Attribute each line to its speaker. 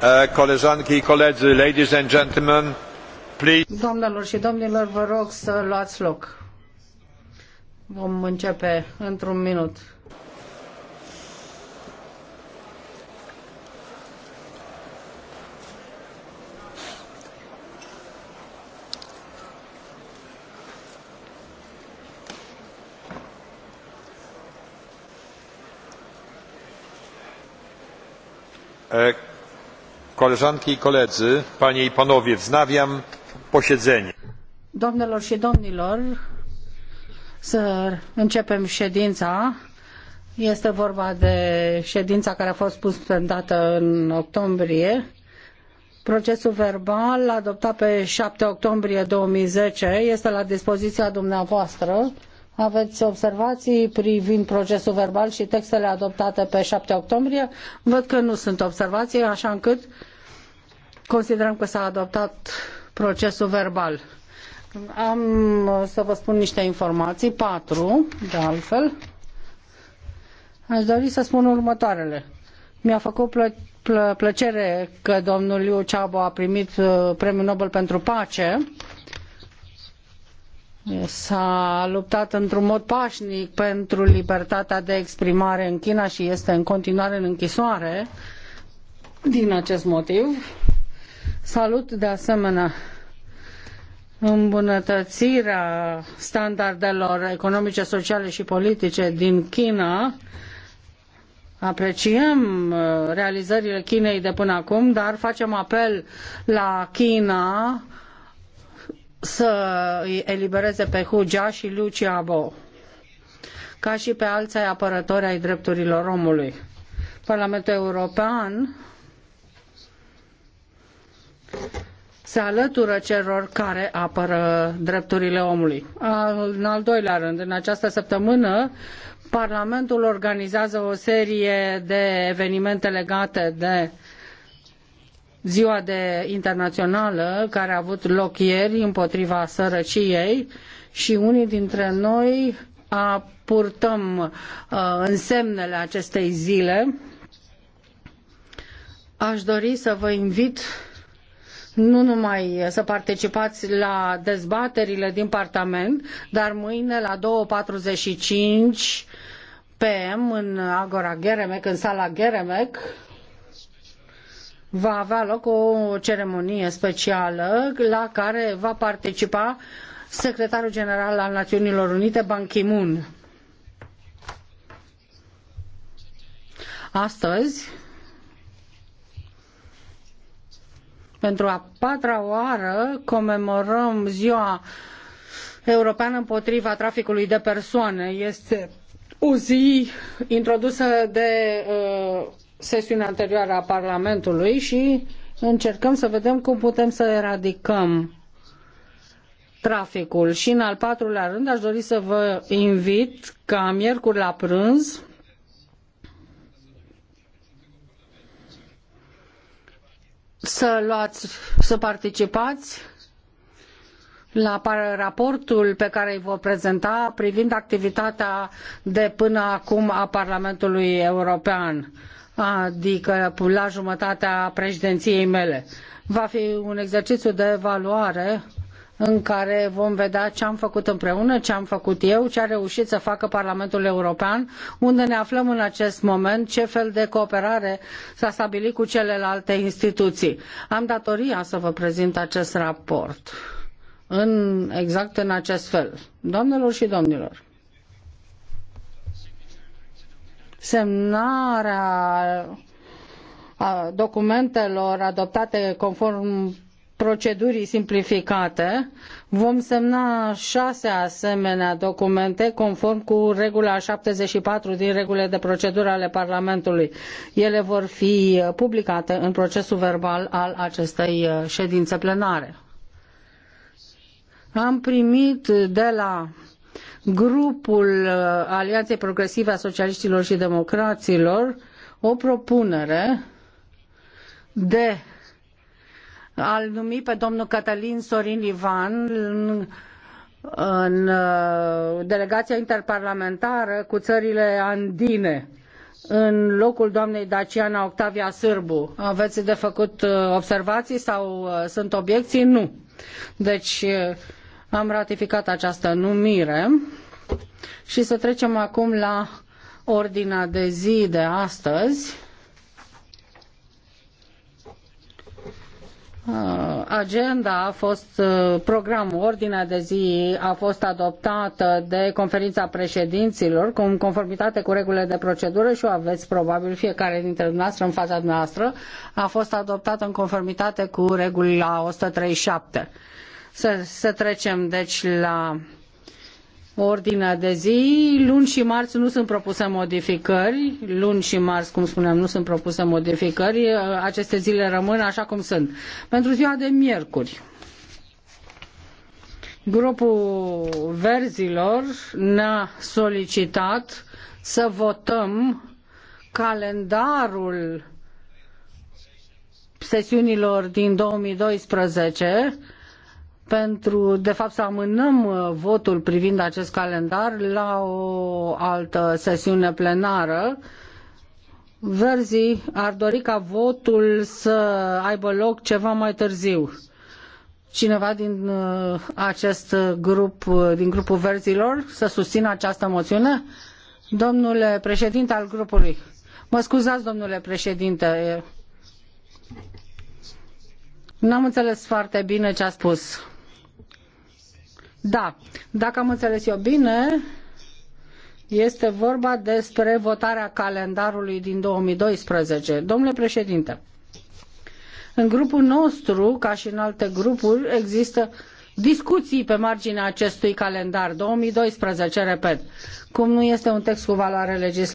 Speaker 1: Uh, Doamnelor și domnilor, vă rog să luați loc. Vom începe într-un minut. Uh, Koleżanki i koledzy, panie i panowie, wznawiam posiedzenie. Domnilor și domnilor, să începem ședința. Este vorba de ședința care a fost suspendată în octombrie. Procesul verbal adoptat pe 7 octombrie 2010 este la dispoziția dumneavoastră. Aveți observații privind procesul verbal și textele adoptate pe 7 octombrie? Văd că nu sunt observații, așa încât considerăm că s-a adoptat procesul verbal. Am să vă spun niște informații, patru, de altfel. Aș dori să spun următoarele. Mi-a făcut plă- plă- plăcere că domnul Liu Ceabo a primit uh, premiul Nobel pentru pace. S-a luptat într-un mod pașnic pentru libertatea de exprimare în China și este în continuare în închisoare din acest motiv Salut de asemenea îmbunătățirea standardelor economice, sociale și politice din China. Apreciem uh, realizările Chinei de până acum, dar facem apel la China să îi elibereze pe Hu Jia și Liu Xiaobo, ca și pe alții apărători ai drepturilor omului. Parlamentul European se alătură celor care apără drepturile omului. În al doilea rând, în această săptămână, Parlamentul organizează o serie de evenimente legate de ziua de internațională care a avut loc ieri împotriva sărăciei și unii dintre noi a purtăm uh, însemnele acestei zile. Aș dori să vă invit nu numai să participați la dezbaterile din Parlament, dar mâine la 2.45 PM în Agora Geremec, în sala Geremec, va avea loc o ceremonie specială la care va participa secretarul general al Națiunilor Unite, Ban Ki-moon. Astăzi, pentru a patra oară comemorăm ziua europeană împotriva traficului de persoane. Este o zi introdusă de uh, sesiunea anterioară a Parlamentului și încercăm să vedem cum putem să eradicăm traficul. Și în al patrulea rând aș dori să vă invit ca miercuri la prânz să luați, să participați la raportul pe care îl vor prezenta privind activitatea de până acum a Parlamentului European, adică la jumătatea președinției mele. Va fi un exercițiu de evaluare în care vom vedea ce am făcut împreună, ce am făcut eu, ce a reușit să facă Parlamentul European, unde ne aflăm în acest moment, ce fel de cooperare s-a stabilit cu celelalte instituții. Am datoria să vă prezint acest raport în, exact în acest fel. Doamnelor și domnilor, semnarea documentelor adoptate conform procedurii simplificate, vom semna șase asemenea documente conform cu regula 74 din regulile de procedură ale Parlamentului. Ele vor fi publicate în procesul verbal al acestei uh, ședințe plenare. Am primit de la grupul uh, Alianței Progresive a Socialiștilor și Democraților o propunere de al numi pe domnul Cătălin Sorin Ivan în uh, delegația interparlamentară cu țările andine în locul doamnei Daciana Octavia Sârbu. Aveți de făcut uh, observații sau uh, sunt obiecții? Nu. Deci am ratificat această numire și să trecem acum la ordinea de zi de astăzi. Uh, agenda a fost, uh, programul, ordinea de zi a fost adoptată de conferința președinților în conformitate cu regulile de procedură și o aveți probabil fiecare dintre dumneavoastră în fața noastră, a fost adoptată în conformitate cu regula 137. Să, să trecem deci la ordinea de zi. Luni și marți nu sunt propuse modificări. Luni și marți, cum spuneam, nu sunt propuse modificări. Aceste zile rămân așa cum sunt. Pentru ziua de miercuri, grupul verzilor ne-a solicitat să votăm calendarul sesiunilor din 2012 pentru, de fapt, să amânăm uh, votul privind acest calendar la o altă sesiune plenară. Verzii ar dori ca votul să aibă loc ceva mai târziu. Cineva din uh, acest grup, uh, din grupul verzilor, să susțină această moțiune? Domnule președinte al grupului, mă scuzați, domnule președinte, n-am înțeles foarte bine ce a spus. Da, dacă am înțeles eu bine, este vorba despre votarea calendarului din 2012. Domnule președinte, în grupul nostru, ca și în alte grupuri, există discuții pe marginea acestui calendar 2012, repet, cum nu este un text cu valoare legislativă.